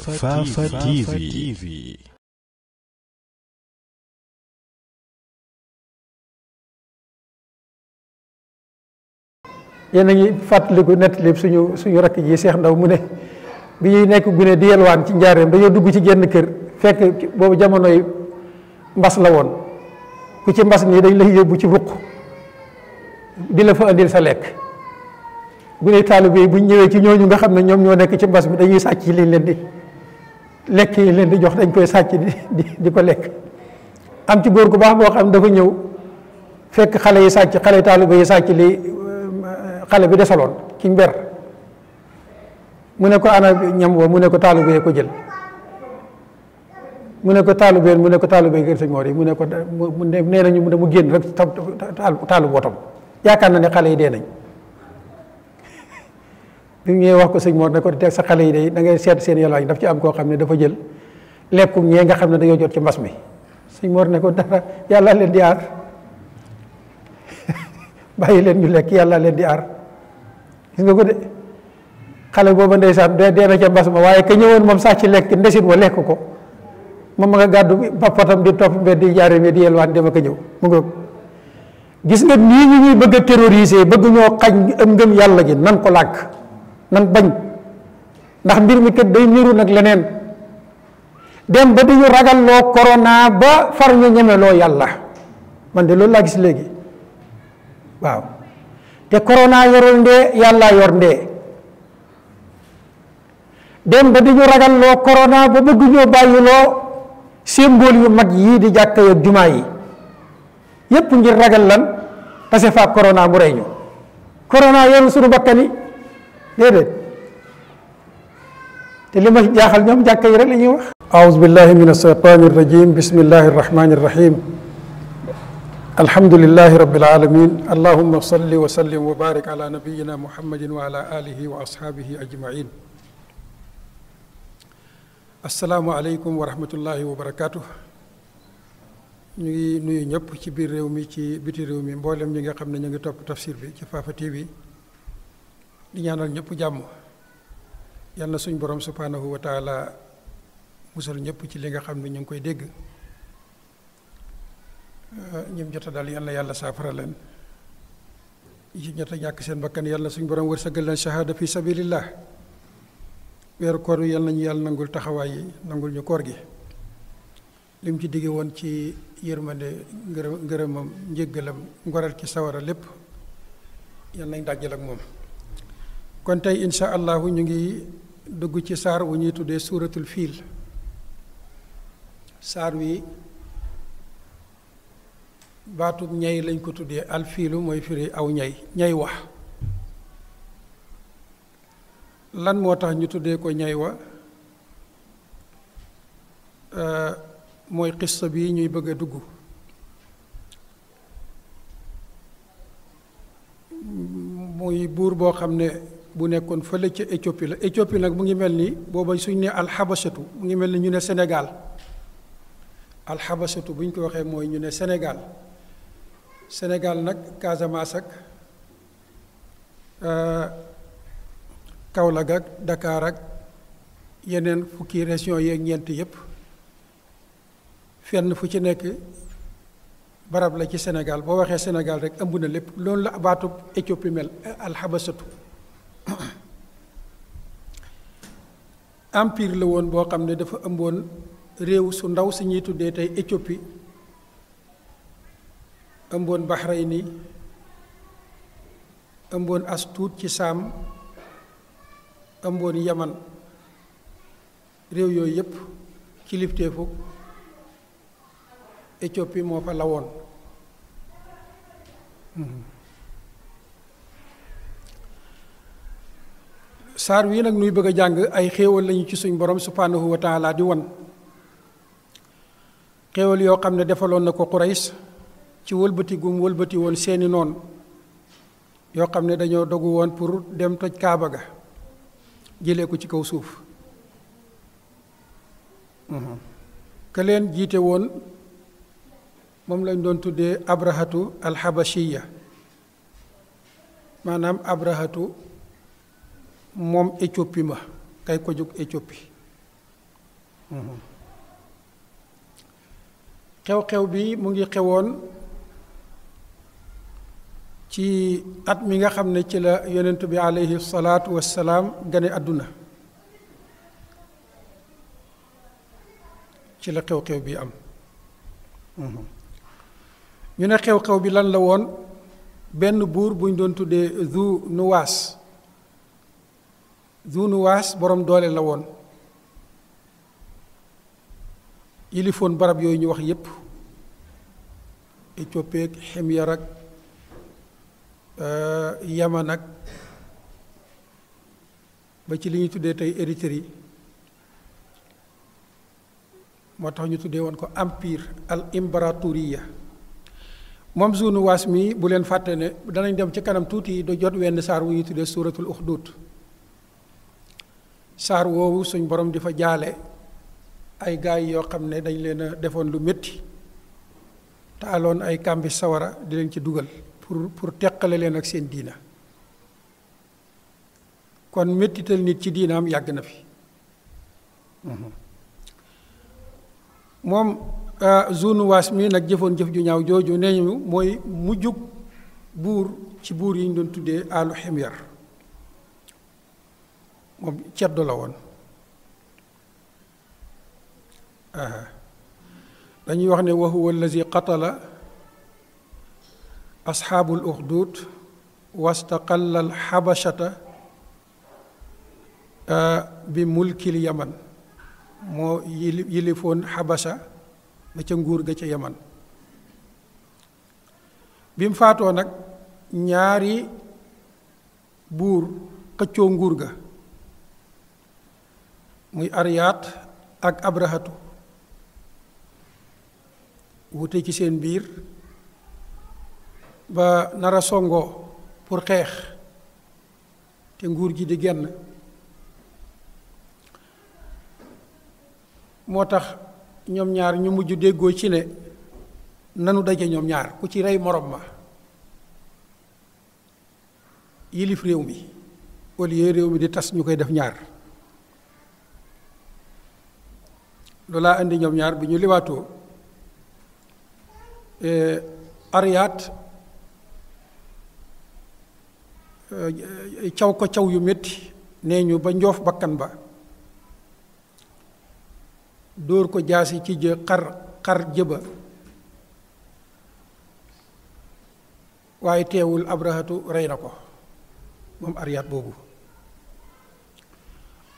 Fafa TV. yéen a ngi fàttaliku nettali suñu suñu rakk ji Seex Ndaw mu ne bi ñuy nekk gune di yelwaan ci njaareem dañoo dugg ci genn kër fekk boobu jamonoy mbas la woon ku ci mbas nii dañ lay yóbbu ci ruq di la fa indil sa lekk gune taalibe yi bu ñëwee ci ñooñu nga xam ne ñoom ñoo nekk ci mbas mi dañuy sàcc liñ leen di lekk yi leen di jox dañ koy sàcc di di ko lekk am ci góor gu baax boo xam dafa ñëw fekk xale yi sàcc xale yi taaliba yi sàcc li euh, xale bi desaloon ci mber mu ne ko ana ñam woo mu ne ko taaliba yee ko jël mu ne ko taaliba mu ne ko taaliba yi gën sëñ Mor yi mu ne ko mu nee nañu mu ne mu génn rek taalib wotom yaakaar na ne xale yi dee nañ bi mu ñëwee wax ko sëñ Mor ne ko teg sa xale yi day dangay seet seen yalwaan yi daf ci am koo xam ne dafa jël lekkum ñee nga xam ne dañoo jot ci mbas mi sëñ Mor ne ko dara yàlla leen di aar bàyyi leen ñu lekk yàlla leen di ar gis nga ko de xale booba ndeysaan dee dee na ca mbas ma waaye ka ñëwoon moom sax ci lekk ndesit wa lekk ko moom ma nga gàddu papatam di topp mbedd di jaare mi di yelwaan dem ak a ñëw mu gis nga nii ñu ñuy bëgg a terroriser bëgg ñoo yàlla gi nan ko làkk nan bañ ndax mbir mi kat day niru nag leneen dem ba duñu ragal loo corona ba far ñu ñeme loo yàlla man de loolu laa gis léegi waaw te corona yorul ndee yàlla yor ndee dem ba duñu ragal loo corona ba bëgg ñoo bàyyi loo symbole yu mag yii di jàkka ak jumaa yi yépp ngir ragal lan parce que fa corona mu rey ñu corona yorul sunu bakkan déedéet te li ma jaaxal ñoom jàkka yi rek la ñuy wax aouzu billahi min alsheytani irrajim bismillahi irrahmani irrahim alhamdulilahi rabbil alamin allahuma salli wa sallim wa barik ala nabiyina muhammadin wa ala alihi wa ashabihi ajmain asalaamualeykum wa rahmatullahi wa barakatuh ñu ngi nuyu ñëpp ci biir réew mi ci biti réew mi mboolem ñi nga xam ne ñu ngi topp tafsir bi ci Fafa TV di ñaanal ñëpp jàmm yal na suñ borom subhanahu wa taala musal ñëpp ci li nga xam ne ñu ngi koy dégg ñim jota daal yal na yàlla saafara leen yi ñett ñàkk seen bakkan yal na suñ borom wërsëgal leen shahada fi sabilillah weeru koor wi yal nañu yàlla nangul taxawaay yi nangul ñu koor gi li ci digge woon ci yërmande ngërëm ngërëmam njéggalam ngoral ci sawara lépp yal nañ dajjal ak moom kon tey incha allahu ñu ngi dugg ci saar wu ñuy tuddee suuratul fiil saar wi baatub ñay lañ ko tuddee alfiilu mooy firi aw ñay ñay wa lan moo tax ñu tuddee ko ñay wa mooy xissa bi ñuy bëgg a dugg muy buur boo xam ne bu nekkoon fële ci Éthiopie la Éthiopie nag mu ngi mel ni booba suñ ne alxabasatu mu ngi mel ni ñu ne Sénégal alxabasatu bu ñu ko waxee mooy ñu ne Sénégal Sénégal nag Casamance ak euh, Kaolack ak Dakar ak yeneen fukki résion yeeg ñeent yépp fenn fu ci nekk barab la ci Sénégal boo waxee Sénégal rek ëmb na lépp loolu la baatub Éthiopie mel alxabasatu empire la woon boo xam ne dafa ëmboon réew su ndaw si ñi tuddee tey Éthiopie ëmboon Bahreïn ëmboon as tuut ci saam ëmboon yaman réew yooyu yépp kilifteefu Éthiopie moo fa lawoon mm-hmm. saar wii nag nuy bëgg a jàng ay xéewal lañu ci suñ borom subhanahu wa taala di wan xéewal yoo xam ne defaloon na ko Qurays ci wëlbati gum wëlbati woon seeni noonu yoo xam ne dañoo dogu woon pour dem toj kaaba ga jëlee ko ci kaw suuf mhm. ke leen jiite woon moom lañ doon tuddee abrahatu alxabashiya maanaam abrahatu moom Éthiopie ma kay ko jóg Éthiopie mhm. xew-xew bi mu ngi xewoon ci at mi nga xam ne ci la yonent bi aleyhi salaatu wassalaam gane àdduna ci la xew-xew bi am mhm. ñu ne xew-xew bi lan la woon benn buur buñ doon tuddee Zu Nuwaas Zunuwaas borom doole la woon yilifoon barab yooyu ñu wax yépp Éthiopie ak Ximyar ak euh, Yaman ak ba ci li ñu tuddee tey Érythrée moo tax ñu tuddee woon ko empire al imbaratouriya moom Zunuwaas mii bu leen fàtte ne danañ dem ci kanam tuuti do jot wenn saar wu ñu tuddee suuratul uxdud saar woowu suñ boroom di fa jaale ay gaay yoo xam ne dañ leen a defoon lu metti taaloon ay kàmbi sawara di leen ci dugal pour pour teqale leen ak seen diina kon méttital nit ci diinaam yàgg na fi mhm. moom zunuwaas mi nag jëfoon jëf ju ñaaw jooju nee ñu mooy mujjug buur ci buur yi ñu doon tuddee alu ximyar moom ceddo la woon dañuy wax ne wa huwa allazi qatala asxaabul uxdud wastaqalla alxabashata ah, bi mulkil yaman moo yili yilifoon xabasha da ca nguur ga ca yaman bi mu faatoo nag ñaari buur xëccoo nguur ga muy ariyaat ak abrahatu wute ci seen biir ba nara songoo pour xeex te nguur gi di genn moo tax ñoom ñaar ñu mujj déggoo ci ne nanu daje ñoom ñaar ku ci rey morom ma yilif réew mi au lieu réew mi di tas ñu koy def ñaar loolaa indi ñoom ñaar bi ñu liwaatoo e, ariyaat e, caw ko caw yu metti nee ñu ba njoof bakkan ba dóor ko jaasi ci jë xar xar jëba waaye teewul abrahatu rey na ko moom ariyaat boobu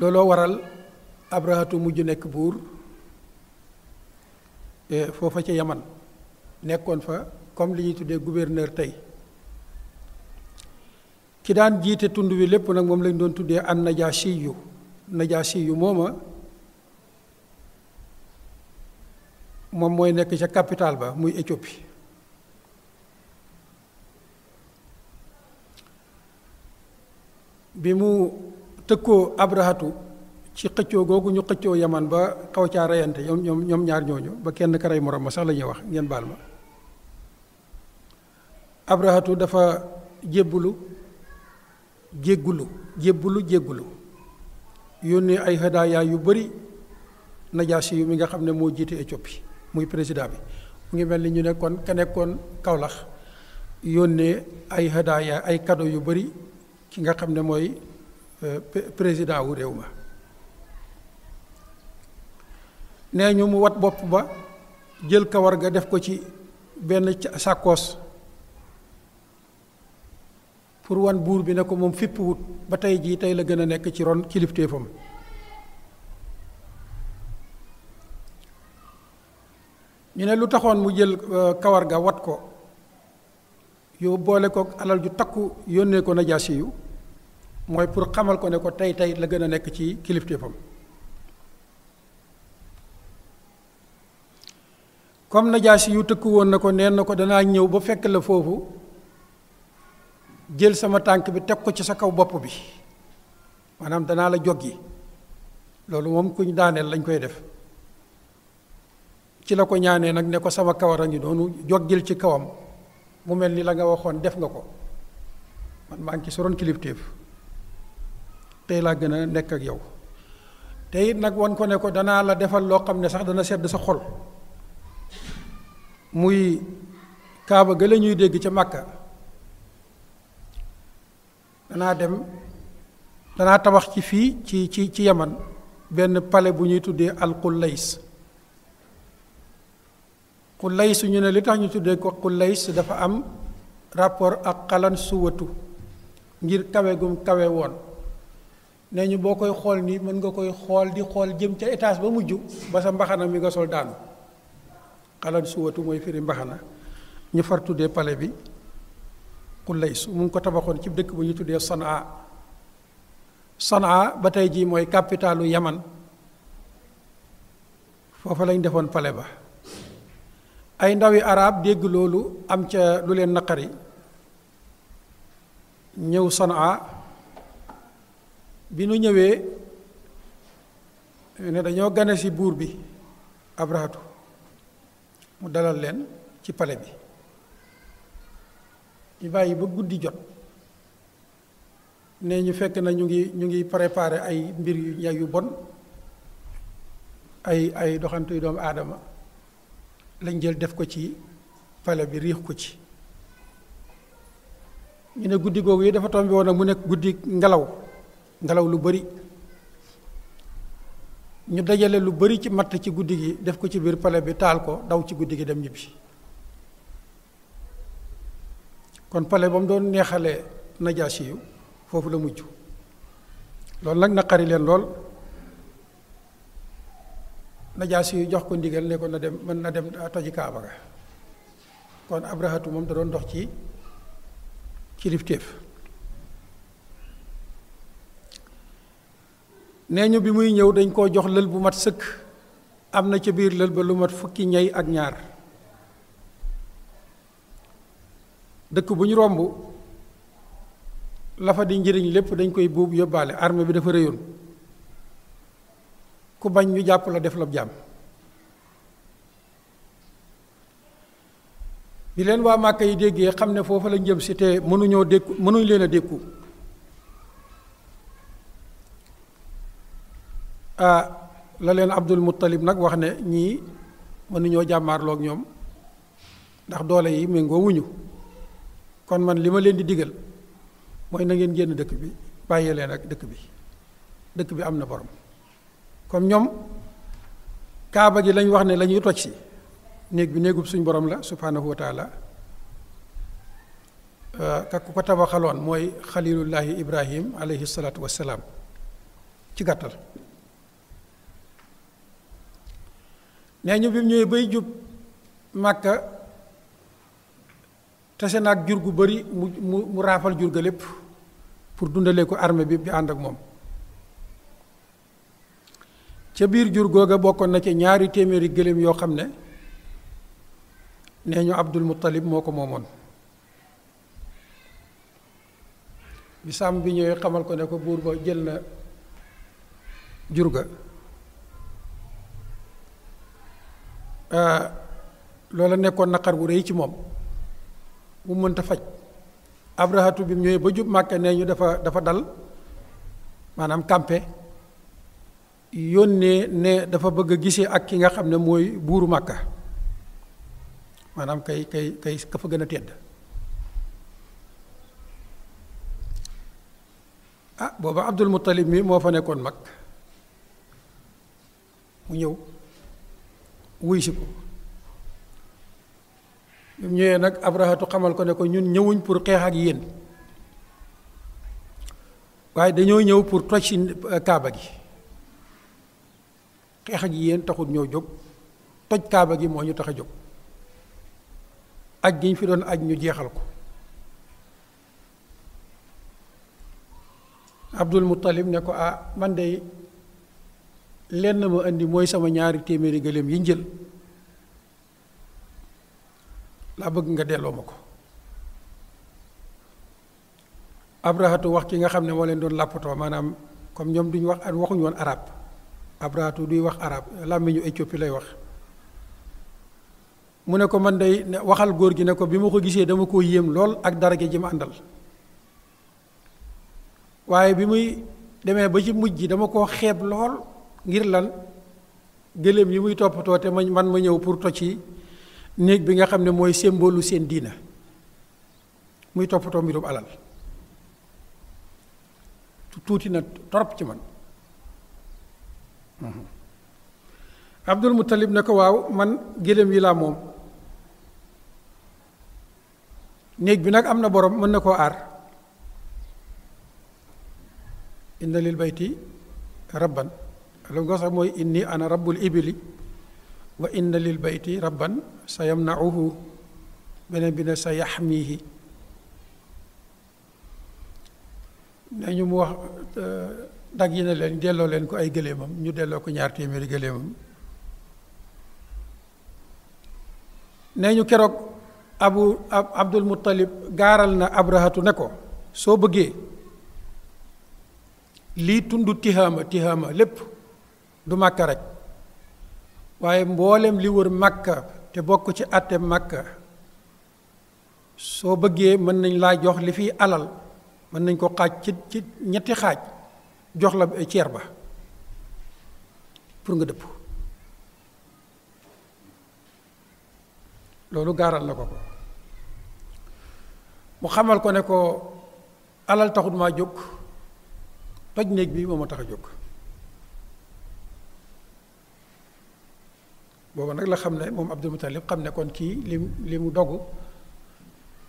looloo waral abrahatu mujj nekk buur E, foofa ci yaman nekkoon fa comme li ñuy tuddee gouverneur tey ki daan jiite tund wi lépp nag moom lañ doon tuddee an najaasi yu najaasi yu mooma moom mooy nekk ca capital ba muy Éthiopie bi mu tëkkoo abrahatu ci xëccoo googu ñu xëccoo yaman ba xaw caa reyante ñoom ñoom ñoom ñaar ñooñu ba kenn ka rey morom ma sax la wax ngeen baal ma abrahatu dafa jébbulu jéggulu jébbulu jéggulu yónnee ay hadaaya yu bëri najaasi yu mi nga xam ne moo jiite coppi muy président bi mu ngi mel ni ñu nekkoon ka nekkoon Kaolack yónnee ay hadaaya ay kado yu bëri ki nga xam ne mooy euh, président wu réew ma nee ñu mu wat bopp ba jël kawar ga def ko ci benn sàkkoos pour wan buur bi ne ko moom fipp ba tey jii tey la gën a nekk ci ron kilifteefam ñu ne lu taxoon mu jël euh, kawar ga wat ko yow boole kook alal ju takku yónnee ko najaasi yu mooy pour xamal ko ne ko tey tey la gën a nekk ci kilifteefam comme najaasi yu tëkk woon na ko neen na ko danaa ñëw ba fekk la foofu jël sama tànk bi teg ko ci sa kaw bopp bi maanaam danaa la joggi loolu moom kuñ daaneel lañ koy def ci la ko ñaanee nag ne ko sama kawar a ngi doonu joggil ci kawam mu mel ni la nga waxoon def nga ko man maa ngi ci soroon kilifteef tey laa gën a nekk ak yow te it nag wan ko ne ko danaa la defal loo xam ne sax dana sedd sa xol muy kaaba ga la ñuy dégg ca Makka danaa dem danaa tabax ci fii ci ci ci Yaman benn pale bu ñuy tuddee al Qullays Qullays ñu ne li tax ñu tuddee ko Qullays dafa am rapport ak xalan suwatu ngir kawe gum kawe woon nee ñu boo koy xool nii mën nga koy xool di xool jëm ca étage ba mujj ba sa mbaxana mi nga sol daanu xalan suwatu mooy firi mbaxana ñu far tuddee pale bi Kulays mu ngi ko tabaxoon ci dëkk bu ñu tuddee Sanaa Sanaa ba tey jii mooy capitalu Yaman foofa lañ defoon pale ba ay ndawi arab dégg loolu am ca lu leen naqari ñëw Sanaa bi nu ñëwee ne dañoo gane si buur bi abrahatu mu dalal leen ci pale bi ñu bàyyi ba guddi jot ne ñu fekk na ñu ngi ñu ngi préparé ay mbir yu ña yu bon ay ay yu doomu aadama lañ jël def ko ci pale bi riix ko ci ñu ne guddi googu yi dafa tombi woon nag mu nekk guddi ngelaw ngelaw lu bari ñu dajale lu bari ci matt ci guddi gi def ko ci biir pale bi taal ko daw ci guddi gi dem ñibbi kon pale ba mu doon neexale najaasi yu foofu la mujj loolu nag naqari leen lool najaasi yu jox ko ndigal ne ko na dem mën na dem toji kaaba ga kon abrahatu moom da doon dox ci kilifteef nee ñu bi muy ñëw dañ koo jox lël bu mat sëkk am na ca biir lël ba lu mat fukki ñey ak ñaar dëkk bu ñu romb la fa di njëriñ lépp dañ koy buub yóbbaale armée bi dafa réyoon ku bañ ñu jàpp la def la jàmm bi leen waa Màkka yi déggee xam ne foofa la jëm si te mënuñoo dékku mënuñ leen a dékku ah la leen Abdul Muttalib nag wax ne ñii mënuñoo jàmmaarloog ñoom ndax doole yi méngoo wuñu kon man li ma leen di diggal mooy na ngeen génn dëkk bi bàyyi leen ak dëkk bi dëkk bi am na borom comme ñoom kaaba gi lañ wax ne lañuy ñuy toj si néeg bi néegub suñ borom la subhanahu wa taala ah, ka ku ko tabaxaloon mooy xalilullahi ibrahim aleyhi salaatu wassalaam ci gàttal nee ñu bi mu ñëwee bay jub màkka tase naag jur gu bari mu mu mu raafal jur ga lépp pour dundalee ko armée bi bi ànd ak moom ca biir jur googa bokkoon na ci ñaari téeméeri gëléem yoo xam ne nee ñu Abdul Muttalib moo ko moomoon bi sàmm bi ñëwee xamal ko ne ko buur ba jël na jur ga Euh, loolu nekkoon naqar wu rëy ci moom mu mënta faj abrahatu bi mu ñëwee ba jub màkka nee ñu dafa dafa dal maanaam campé yónnee ne dafa bëgg a gisee ak ki nga xam ne mooy buuru makka maanaam kay kay kay ka fa gën a tedd ah booba abdul muttalib mi moo fa nekkoon mag mu ñëw wuy si ko bi mu ñëwee nag abrahatu xamal ko ne ko ñun ñëwuñ pour xeex ak yéen waaye dañoo ñëw pour toj si kaaba gi xeex ak yéen taxul ñoo jóg toj kaaba gi moo ñu tax a jóg aj gi ñu fi doon aj ñu jeexal ko abdul muttalib ne ko ah man de lenn ma indi mooy sama ñaari téeméeri gëléem yi njël laa bëgg nga delloo ma ko abrahatu wax ki nga xam ne moo leen doon làppatoo maanaam comme ñoom duñ wax waxuñu woon arab abrahatu duy wax arab làmmiñu éthiopie lay wax mu ne ko man day waxal góor gi ne ko bi ma ko gisee dama ko yéem lool ak dara gi ji ma àndal waaye bi muy demee ba ci mujj gi dama koo xeeb lool ngir lan gëléem yi muy toppatoo te man ma ñëw pour toj ci néeg bi nga xam ne mooy symbolu seen diina muy toppatoo mbirum alal tuuti na torop ci man mhm. abdul muttalib na ko waaw man gëléem yi laa moom néeg bi nag am na borom mën na koo aar inna lil bayti rabban lu ko sax mooy inni ana rabbul ibili wa inna lil bayti rabban sa yamnauhu beneen bi ne sa yaxmihi ne ñu mu wax euh, dag yi ne leen delloo leen ko ay gëléemam ñu delloo ko ñaar téeméeri gëléemam nee ñu keroog abu abdul muttalib gaaral na abrahatu ne ko soo bëggee lii tund tihaama tihaama lépp du màkka rek waaye mboolem li wër màkka te bokk ci àtte màkka soo bëggee mën nañ laa jox li fiy alal mën nañ ko xaaj ci ci ñetti xaaj jox la ceer ba pour nga dëpp loolu gaaral na ko ko mu xamal ko ne ko alal taxut maa jóg paj néeg bi moo ma tax a jóg booba nag la xam ne moom Abdul Muttalib xam ne kon kii li li mu dogg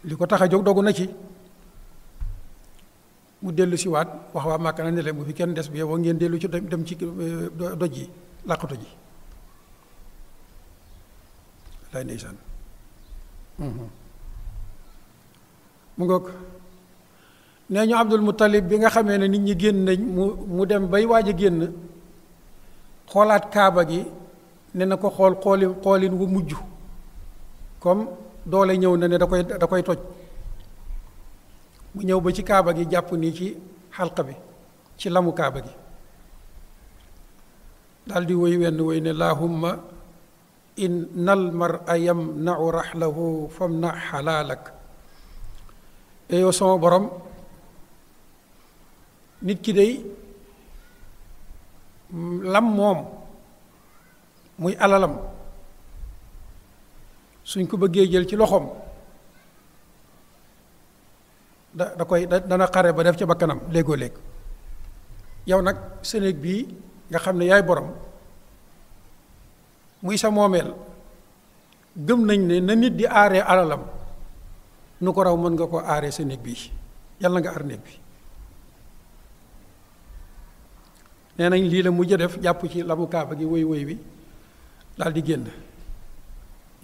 li ko tax a jóg dogu na ci mu dellu si waat wax waa Màkka na ne leen fi kenn des bi yow ngeen dellu ci dem ci doj yi làqatu ji lay ndeysaan mhm. mu ngoog nee ñu Abdul Muttalib bi nga xamee ne nit ñi génn nañ mu mu dem bay waaj a génn xoolaat kaaba gi ne na ko xool xooli xoolin wu mujj comme doole ñëw na ne da koy da koy toj mu ñëw ba ci kaaba gi jàpp nii ci xalqa bi ci lamu kaaba gi daldi woy wenn woy ne laahumma in nal mar a yam nau raxlahu fam na xalaalak eh, yow sama borom nit ki day lam moom muy alalam suñ ko bëggee jël ci loxoom da da koy da dana xare ba def ca bakkanam léegoo léeg yow nag sa néeg bii nga xam ne yaay borom muy sa moomeel gëm nañ ne na nit di aaree alalam nu ko raw mën nga ko aare sa néeg bii yàlla nga aar néeg bi nee nañ lii la mujj def jàpp ci lamu kaaba gi woy woy wi daal di génn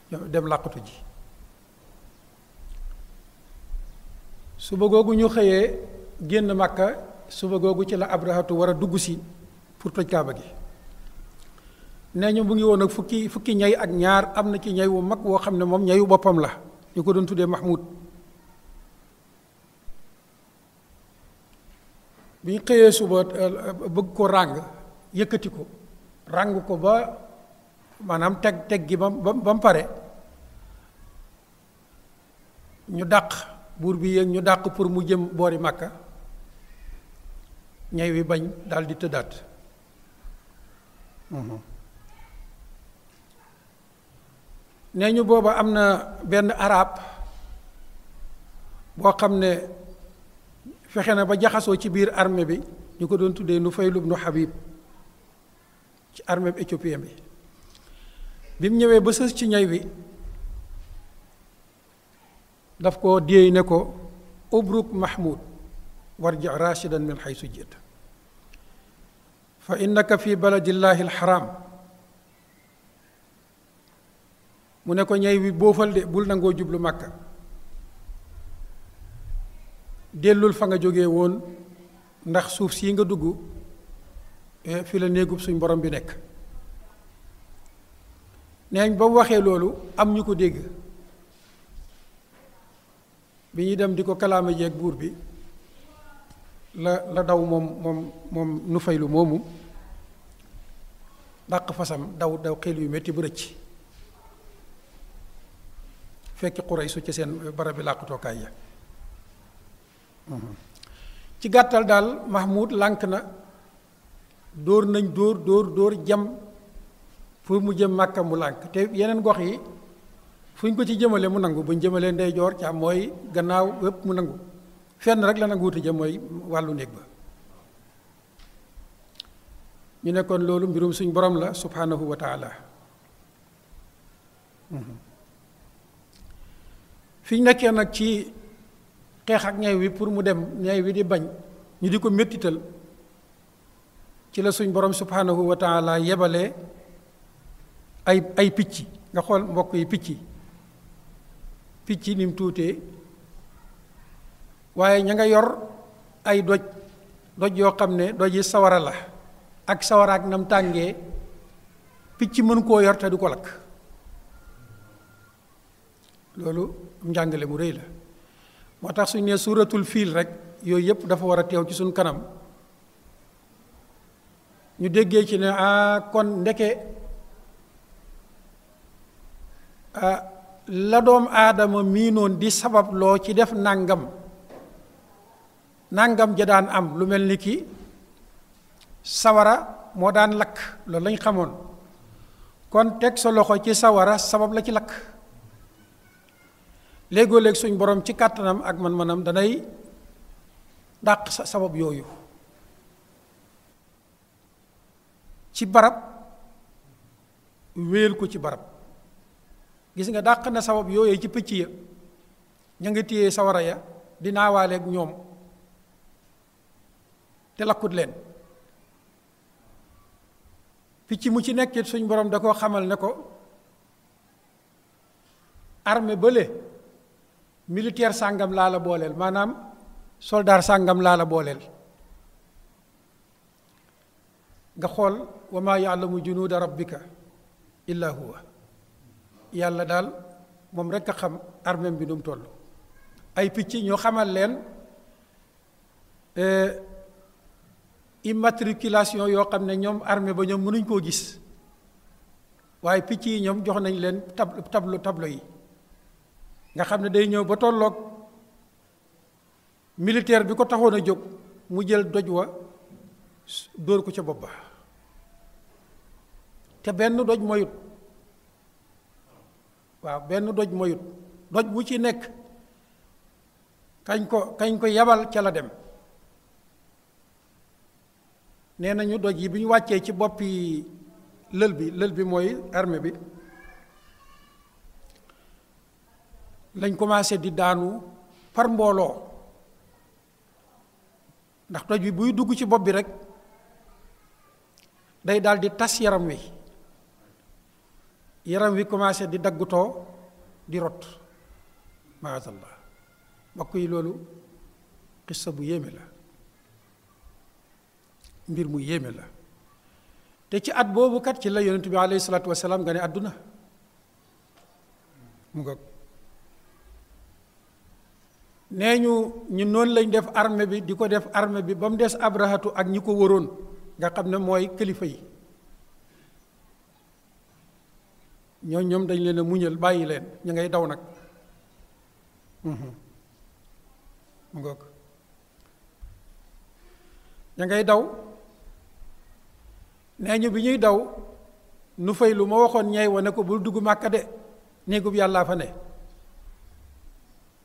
dem làqatu ji suba googu ñu xëyee génn màkka suba googu ci la abrahatu war a dugg si pour toj kaaba gi nee ñu mu ngi woon ak fukki fukki ñay ak ñaar am na ci ñay wu mag woo xam ne moom ñayu boppam la ñu ko doon tuddee Mahmoud bi ñu xëyee suba euh, bëgg ko ràng yëkkati ko ràng ko ba maanaam teg teg gi ba ba mu pare ñu dàq buur bi yéeg ñu dàq pour mu jëm boori màkka ñay wi bañ daal di tëddaat mhm. nee ñu booba am na benn arab boo xam ne fexe na ba jaxasoo ci biir armée bi ñu ko doon tuddee nu faylu ibnu Habib ci armée bi bi bi mu ñëwee ba sës ci ñay wi daf ko déey ne ko ubruk mahmud warji rachidan min xaysu jiit fa innaka fi baladillahi alxaram mu ne ko ñay wi boofal de bul nangoo jublu màkka dellul fa nga jóge woon ndax suuf sii nga dugg eh, fi la néegub suñ borom bi nekk neeñ ba waxee loolu am ñu ko dégg bi ñuy dem di ko kalaama jeeg buur bi la la daw moom moom moom nu faylu moomu dàq fasam daw daw xel yu métti bu rëcc fekki xuray su ci seen barabi làqutookaay ya ci gàttal daal Mahmoud lànk na dóor nañ dóor dóor dóor jam fu mu jëm màkka mu lànk te yeneen gox yi fu ñu ko ci jëmale mu nangu bu ñu jëmalee ndeyjoor ca mooy gannaaw yëpp mu nangu fenn rek la nangu wuti jëm mooy wàllu néeg ba ñu nekkoon loolu mbirum suñ borom la subhanahu wa taala mhm. fi ñu nekkee nag ci xeex ak ñay wi pour mu dem ñay wi di bañ ñu di ko méttital ci la suñ borom subhanahu wa taala yebalee ay ay picc nga xool mbokk yi picc picc ni mu tuutee waaye ña nga yor ay doj doj yoo xam ne doj yi sawara la ak sawara ak nam tàngee picc mën koo yor te du ko lakk loolu njàngale mu rëy la moo tax suñ ne suuratul fiil rek yooyu yëpp dafa war a teew ci suñ kanam ñu déggee ci ne a ah, kon ndeke Ah, la doomu aadama miinoon di sabab loo ci def nangam nangam ja daan am lu mel ni ki sawara moo daan lakk loolu lañ xamoon kon teg sa loxo ci sawara sabab la ci lakk léegoo léeg suñ boroom ci kàttanam ak man-manam danay dàq sa sabab yooyu ci barab wéel ko ci barab gis nga dàq na sabab yooyu ci picc ya ña nga téye sawara ya di naawaaleeg ñoom te lakkut leen picc mu ci nekkit suñ borom da koo xamal ne ko armée bële militaire sàngam laa la booleel maanaam soldaar sàngam laa la booleel nga xool wa maa yaalamu junuuda rabbika illa huwa yàlla daal moom rek a xam armeem bi nu toll ay picc ñu xamal leen euh, immatriculation yoo xam ne ñoom armée ba ñoom mënuñ koo gis waaye picc yi ñoom jox nañ leen tab tablo tablo yi nga xam ne day ñëw ba tolloog militaire bi ko taxoon a jóg mu jël doj wa dóor ko ca bopp ba te benn doj moyut waaw benn doj moyut doj bu ci nekk kañ ko kañ ko yabal ca la dem nee nañu doj yi bi ñu wàccee ci boppi lël bi lël bi mooy arme bi lañ commencé di daanu par mbooloo ndax doj bi buy dugg ci bopp bi rek day daldi tas yaram wi yaram wi commencé di daggutoo di rot maazallah mbokk yi loolu xissa bu yéeme la mbir mu yéeme la te ci at boobu kat ci la yonent bi alayhi salaatu wasalaam nga ne àdduna mu nga nee ñu ñu noonu lañ def armée bi di ko def armée bi ba mu des abrahatu ak ñi ko waroon nga xam ne mooy kilifa yi ñoo ñoom dañ leen a muñal bàyyi leen ñu ngay daw nag mhm. mu ngoog ña daw nee ñu bi ñuy daw nu fay lu waxoon ñay wa ko bul dugg màkka de néegub yàllaa fa ne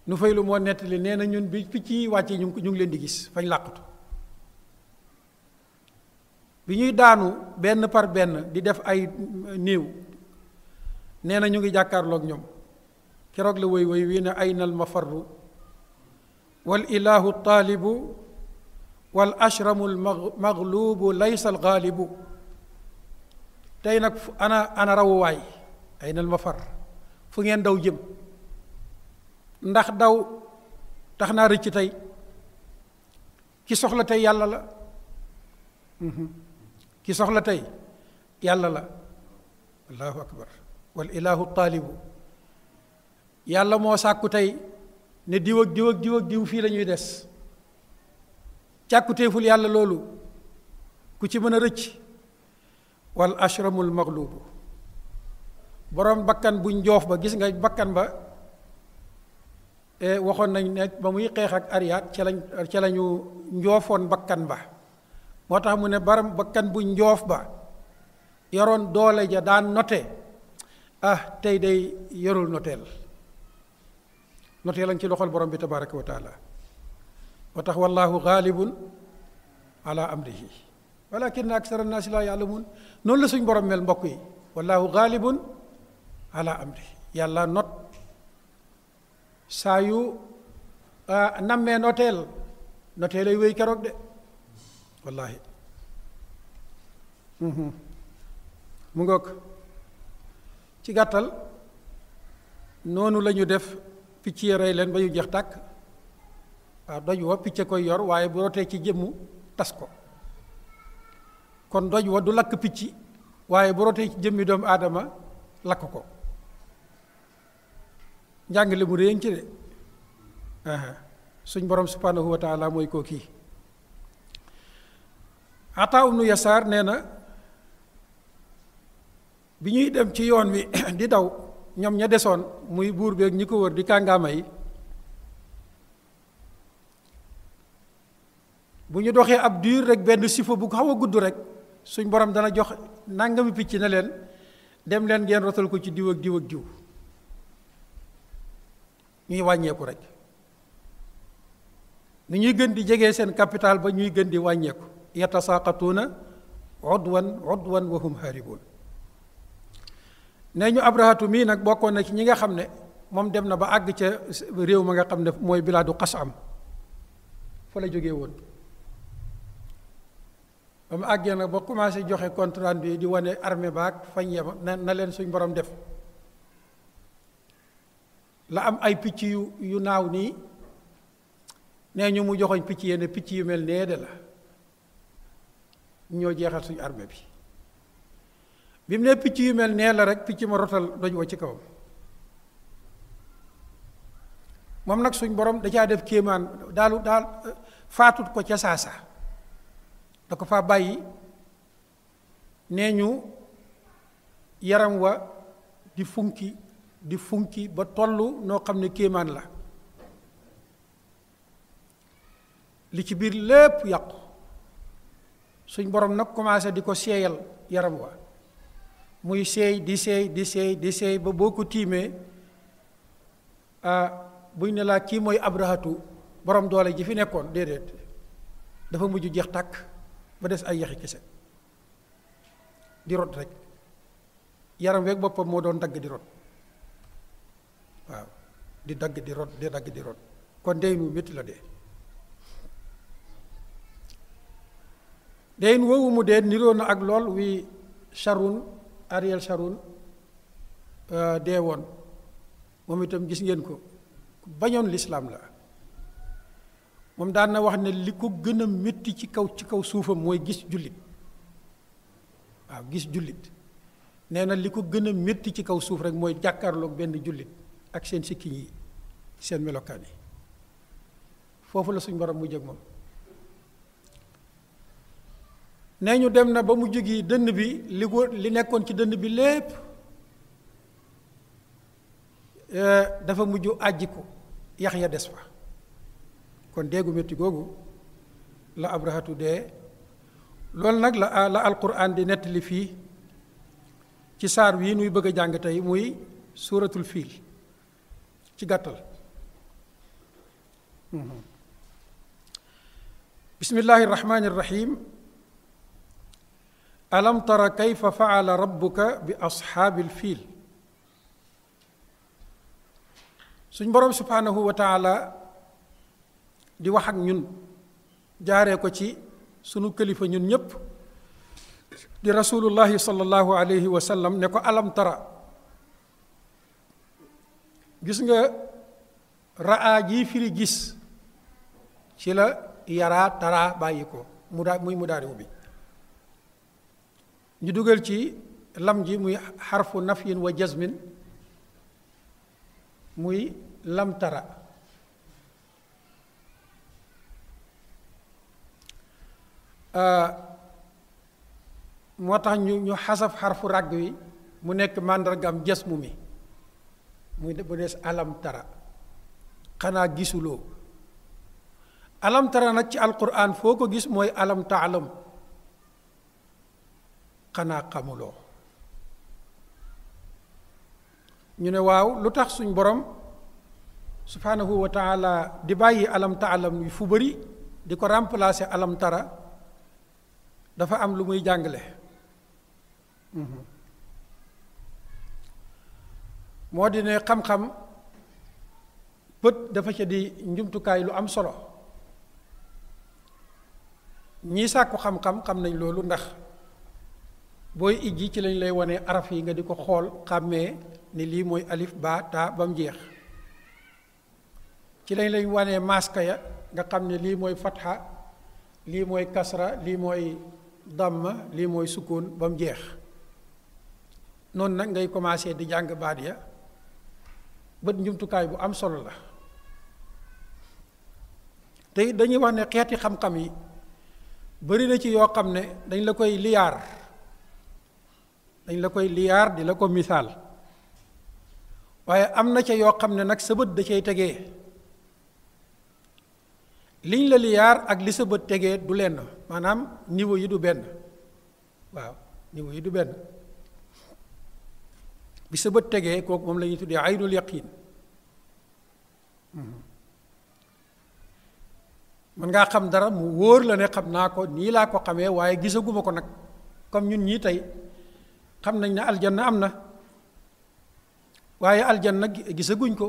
nu fay lu moo nettali nee na ñun bi picc yi wàcce ñu ñu ngi leen di gis fañ làqutu bi ñuy daanu benn par benn di def ay néew nee na ñu ngi jàkkaarloog ñoom keroog la woy woy wii ne ayna almafarru wal ilahu taalibu wal ashramu almaglubu laysa algaalibu tey nag ana ana rawuwaay ayna almafar fu ngeen daw jëm ndax daw tax naa rëcc tey ki soxla tey yàlla la mhm. ki soxla tey yàlla la allahu akbar wal ilaahu taalibu yàlla moo sàkku tey ne diw ak diw ak diw ak diw fii lañuy des càkkuteeful yàlla loolu ku ci mën a rëcc wal ashramul maglubu boroom bakkan bu joof ba gis nga bakkan ba eh, waxoon nañ ne ba muy xeex ak ariyaat ca lañu njoofoon bakkan ba moo tax mu ne baram bakkan buñ njoof ba yoroon doole ja daan note ah tey day yorul noteel noteel a ci loxol borom bi tabaraka wa taala ba tax wallahu gaalibun ala amrihi walakinna aksara naasi laa yaalamuun noonu la suñ borom mel mbokk yi wallahu gaalibun ala amrihi yàlla not saa yu ah, nammee noteel noteel ay keroog de wallaahi mhm. mu ci gàttal noonu lañu def picc yi rey leen ba ñu jeex tàkk waaw doj wa picc koy yor waaye bu rotee ci jëmmu tas ko kon doj wa du lakk picc waaye bu rotee ci jëmmi doomu aadama lakk ko njàngale mu réen ci de suñ borom subhanahu wa mooy koo kii ataa ibnu yasaar nee na bi ñuy dem ci yoon wi di daw ñoom ña desoon muy buur beeg ñi ko wër di kàngaama yi bu ñu doxee ab diir rek benn sifo bu xaw a gudd rek suñ borom dana jox nangami picc na leen dem leen ngeen rotal ko ci diw ak diw ak diw ñuy wàññeeku rek ni ñuy gën di jege seen capital ba ñuy gën di wàññeeku yatasaqatuuna udwan udwan wan hum haribun nee ñu abrahatu mii nag bokkoon na ci ñi nga xam ne moom dem na ba àgg ca réew ma nga xam ne mooy billaa du xas am fa la jógee woon ba mu àggee nag ba commencé joxe compte bi di wane armée baag fañ yem na na leen suñ borom def la am ay picc yu yu naaw nii nee ñu mu joxoñ picc yenn picc yu mel nee de la ñoo jeexal suñu armée bi bi mu ne picc yu mel nee la rek picc ma rotal doj wa ci kawam moom nag suñ borom da caa def kéemaan daalu daal faatut ko ca saasa da ko fa bàyyi nee ñu yaram wa di funki di funki ba tollu noo xam ne kéemaan la li ci biir lépp yàqu suñ borom nag commencé di ko seeyal yaram wa muy seey di seey di seey di seey ba boo ko tiimee buñ ne laa kii mooy abrahatu borom doole ji fi nekkoon déedéet dafa mujj jeex tàkk ba des ay yaxi kese di rot rek yaram weeg boppam moo doon dagg di rot waaw di dagg di rot di dagg di rot kon dey nu métti la dee deyin woowu mu dee niroo na ak lool wi charun Ariel Sharon euh, dee woon moom itam gis ngeen ko bañoon lislaam la moom daan wax ne li ko gën a ci kaw ci kaw suufam mooy gis jullit waaw gis jullit nee na li ko gën a métti ci kaw suuf rek mooy jàkkaarloog benn jullit ak seen sikkiñ yi seen melokaani foofu la suñ borom mu jeg moom nee ñu dem na ba mu jógi dënn bi li ko li nekkoon ci dënn bi lépp euh, dafa mujj àjji ko yax ya des fa kon déegu métti googu la abrahatu dee loolu nag la la alquran di nettali fii ci saar wii nuy bëgg a jàng tey muy suuratul fiil ci gàttal bismillahi rahmaani rahim alam tara kayfa faala rabbuka bi ashaabil fiil suñ boroom subhaanahu wa taala di wax ak ñun jaaree ko ci sunu kilifa ñun ñépp di rasulullahi sallallahu alayhi wa ne ko alam tara gis nga raa jii firi gis ci la yaraa taraa bàyyi ko mu daa muy mu bi ñu dugal ci lam ji muy xarfu nafyin wa jazmin muy lam tara euh, moo tax ñu ñu xarfu ràgg wi mu nekk màndargam jasmu mi muy bu des alam tara xanaa gisuloo alam tara nag ci alquran foo ko gis mooy alam taalam xanaa xamuloo ñu ne waaw lu tax suñ borom subhanahu wa taala di bàyyi alam taalam yu fu bari di ko remplacer alam tara dafa am lu muy jàngale mhm. moo di ne xam-xam bët dafa ca di njumtukaay lu am solo ñii sàkku xam-xam xam nañ loolu ndax booy ijji ci lañ lay wane araf yi nga di ko xool xàmmee ni lii mooy alif ba ta ba mu jeex ci lañ lay wane maska ya nga xam ne lii mooy fatxa lii mooy kasra lii mooy damma lii mooy sukkoon ba mu jeex noonu nag ngay commencé di jàng baat ya bët njumtukaay bu am solo la te dañuy wax ne xeeti xam-xam yi bari na ci yoo xam ne dañ la koy liyaar dañ la koy liyaar di la ko misaal waaye am na ca yoo xam ne nag sa bët da cay tegee liñ la liyaar ak li sa bët tegee du lenn maanaam niveau yi du benn waaw niveau yi du benn bi sa bët tegee kooku moom lañuy ñuy tuddee aynul yaqin mhm. mën ngaa xam dara mu wóor la ne xam naa ko nii laa ko xamee waaye gisaguma ko nag comme ñun ñii tey xam nañ ne aljana am na waaye aljanna gisaguñ ko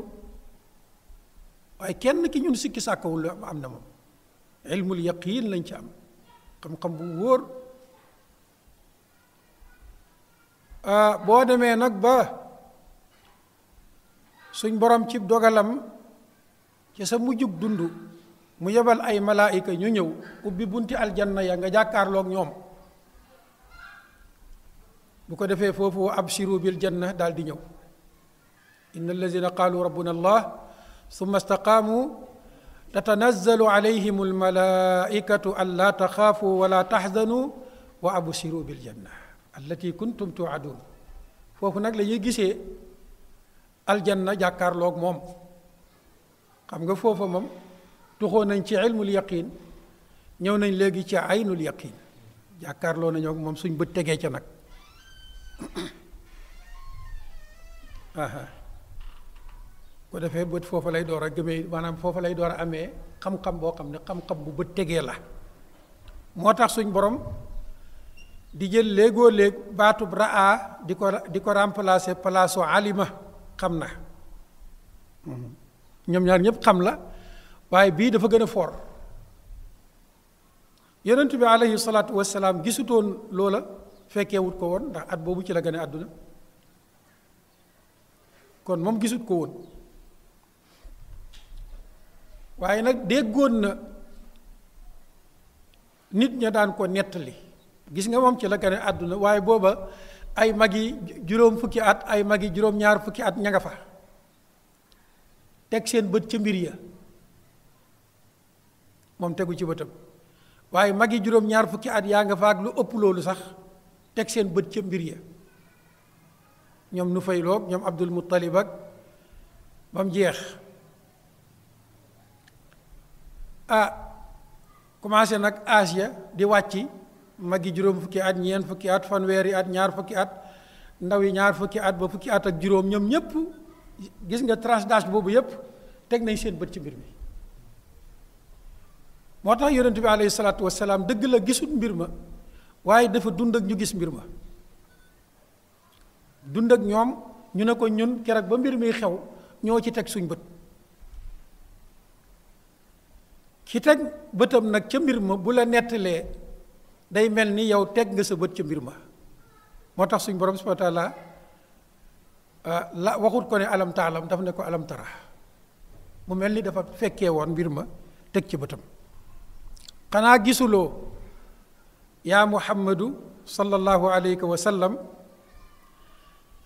waaye kenn ki ñun sikki sàkkawul am na moom ilmul yaqiin lañ ci am xam-xam bu wóor ah, boo demee nag ba suñ borom ci dogalam ci sa mujjug dund mu yebal ay malaayika ñu ñëw ubbi bunti aljanna yaa nga jàkkaarloog ñoom bu ko defee foofu wa abshiru bil janna daal di ñëw inna allazina qaalu rabbuna allah summa istaqaamu tatanazzalu alayhim almalaikatu an laa taxaafu wala taxzanu wa abshiru bil janna allati kuntum tuadun foofu nag la ñuy gisee aljanna jàkkaarloog moom xam nga foofa moom tuxoo nañ ci ilmul yaqin ñëw nañ léegi ci aynul yaqin jàkkaarloo nañoo moom suñ bët tegee ca nag bu defee bët foofa lay door a gëmee maanaam foofa lay door a amee xam-xam boo xam ne xam-xam bu bët tegee la moo tax suñ borom di jël léegoo léeg baatub raa di ko di ko remplacer palaasu alima xam na mm-hmm. ñoom ñaar ñépp xam la waaye bii dafa gën a foor yonent bi aleyhi salaatu wasalaam gisutoon loola fekkee wut ko woon ndax at boobu ci la gane àdduna kon moom gisut ko woon waaye nag déggoon na nit ña daan ko nettali gis nga moom ci la gane àdduna waaye booba ay magi juróom fukki at ay magi juróom ñaar fukki at ña nga fa teg seen bët ca mbir ya moom tegu ci bëtam waaye magi juróom ñaar fukki at yaa nga fa ak lu ëpp loolu sax teg seen bët ca mbir ya ñoom nu fay loog ñoom abdul muttalib ak ba mu jeex ah commencé nag aas ya di wàcc magi juróom fukki at ñeent fukki at fanweeri at ñaar fukki at ndaw yi ñaar fukki at ba fukki at ak juróom ñoom ñépp gis nga tranche boobu yépp teg nañ seen bët ci mbir mi moo tax yonent bi alayhi salaatu wasalaam dëgg la gisul mbir ma waaye dafa dund ak ñu gis mbir ma dundak ñoom ñu ne ko ñun keroog ba mbir mi xew ñoo ci teg suñ bët ci teg bëtam nag ca mbir ma bu la nettalee day mel ni yow teg nga sa bët ca mbir ma moo tax suñ borom subhaanahu wa taala ah, la waxut ko ne alam taalam ne ko alam tara mu mel ni dafa fekkee woon mbir ma teg ci bëtam xanaa gisuloo yaa muhammadu sallallahu alayhi wa sallam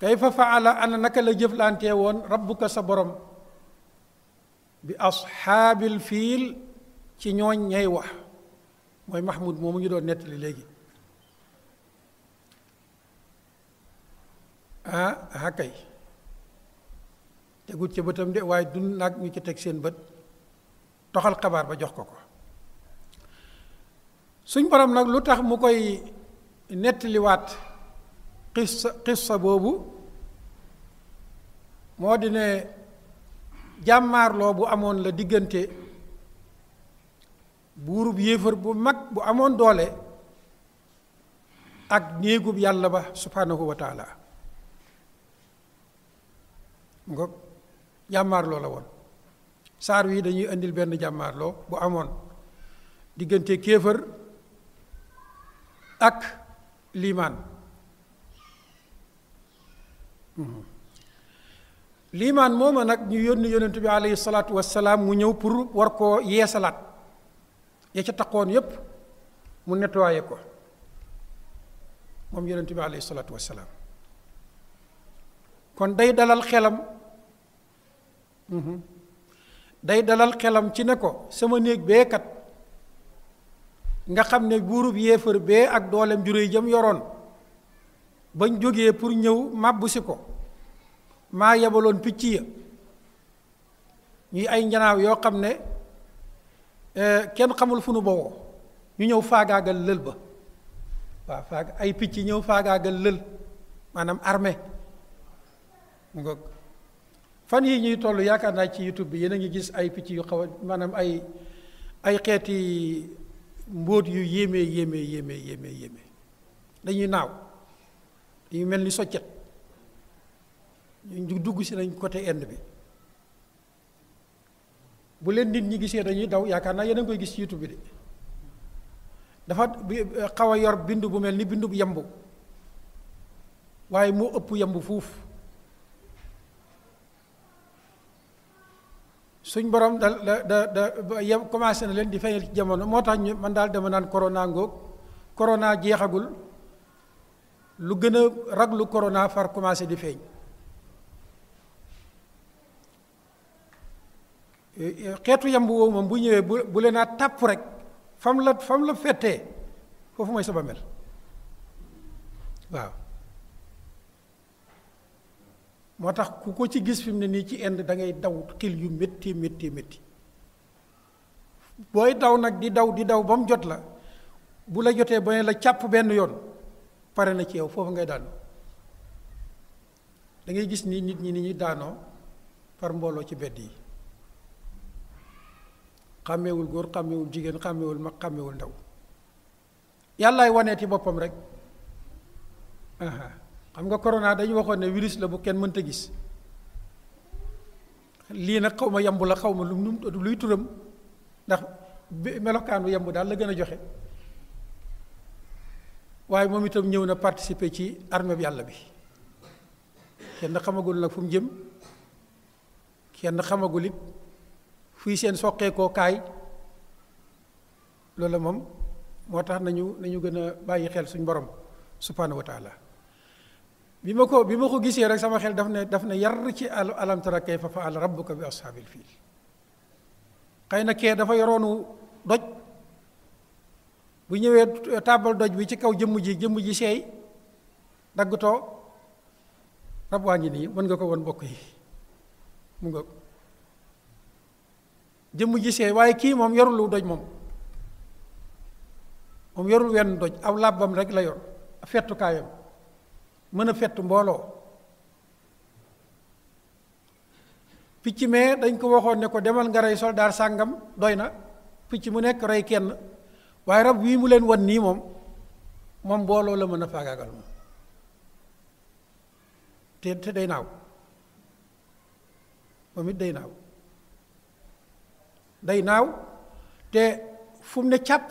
kayfa faala ana naka la jëflantee woon rabbuka sa borom bi ashaabil fiil ci ñooñ ñay wax mooy mahmud moomu ñu doon nettali léegi ah hakkay tegut ca bëtam de waaye dund nag ñu ci teg seen bët toxal xabaar ba jox ko ko suñ borom nag lu tax mu koy nettaliwaat xissa xissa boobu moo di ne jàmmaarloo bu amoon la diggante buurub yéefar bu mag bu amoon doole ak néegub yàlla ba subhanahu wa taala nga jàmmaarloo la woon saar wi dañuy indil benn jàmmaarloo bu amoon diggante kéefar ak liimaan mhm. liimaan mooma nag ñu yónni yonent bi aleyhi salaatu wassalaam mu ñëw pour war koo yeesalaat ya ca taqoon yépp mu nettoyé ko moom yonent bi aleyhi salaatu wassalaam kon day dalal xelam mhm. day dalal xelam ci ne ko sama néeg beekat nga xam ne buurub yéefar bee ak doolem juréy jëm yoroon bañ jógee pour ñëw màbbu si ko maa yebaloon picc ya ñuy ay njanaaw yoo xam ne e, kenn xamul fu nu bowoo ñu ñëw faagaagal lël ba waaw faag ay picc ñëw faagaagal lël maanaam armée nga fan yi ñuy toll yaakaar naa ci YouTube bi yéen a ngi gis ay picc yu xaw a maanaam ay ay xeeti mbóot yu yéeme yéeme yéeme yéeme yéeme dañuy naaw dañuy mel ni soccet ñu dugg si nañ côté end bi bu leen nit ñi gisee dañuy daw yaakaar naa yéen a koy gis ci bi de dafa xaw a yor bind bu mel ni bindu bu waaye moo ëpp yemb fuuf suñ borom da da da yem commencé na leen di feeñal ci jamono moo tax ñu man daal dema naan corona ngoog corona jeexagul lu gën a raglu corona far commencé di feeñ eh, eh, xeetu yamb woowu moom bu ñëwee bu bu leen a tàpp rek fam la fam la fete foofu mooy sa bàmmeel waaw moo tax ku ko ci gis fi ne nii ci ind dangay daw xil yu métti métti métti booy daw nag di daw di daw ba mu jot la bu la jotee ba ne la càpp benn yoon pare na ci yow foofu ngay daanoo dangay gis ni nit ñi ni ñuy daanoo par mbooloo ci bedd yi xàmmewul góor xàmmewul jigéen xàmmewul mag xàmmewul ndaw yàllaay waneeti boppam rek xam nga koronaa dañu waxoon ne virus la bu kenn mënta gis lii nag xaw ma yamb la xaw ma lu mu luy turam ndax melokaanu yamb daal la gën a joxe waaye moom itam ñëw na participer ci armée yàlla bi kenn xamagul nag fu mu jëm kenn xamagul it fuy seen soqeekoo kaay loolu moom moo tax nañu nañu gën a bàyyi xel suñ borom subhanahu wa bi ma ko bi ma ko gisee rek sama xel daf ne daf ne yar ci alam tara kayfa faala rabbuka bi ashaabil fiil xëy na kee dafa yoroonu doj bu ñëwee eh, tàbbal doj bi ci kaw jëmm ji jëmm ji seey daggutoo rab waa ngi nii mën nga ko won bokk yi mu nga jëmm ji seey waaye kii moom yorul doj moom moom yorul wenn doj aw làbbam rek la yor fettukaayam mën a fett mbooloo picc mee dañ ko waxoon ne ko demal nga rey soldaar sàngam doy na picc mu nekk rey kenn waaye rab wii mu leen won nii moom moom mbooloo la mën a faagaagal moom te te day naaw moom it day naaw day naaw te fu ne càpp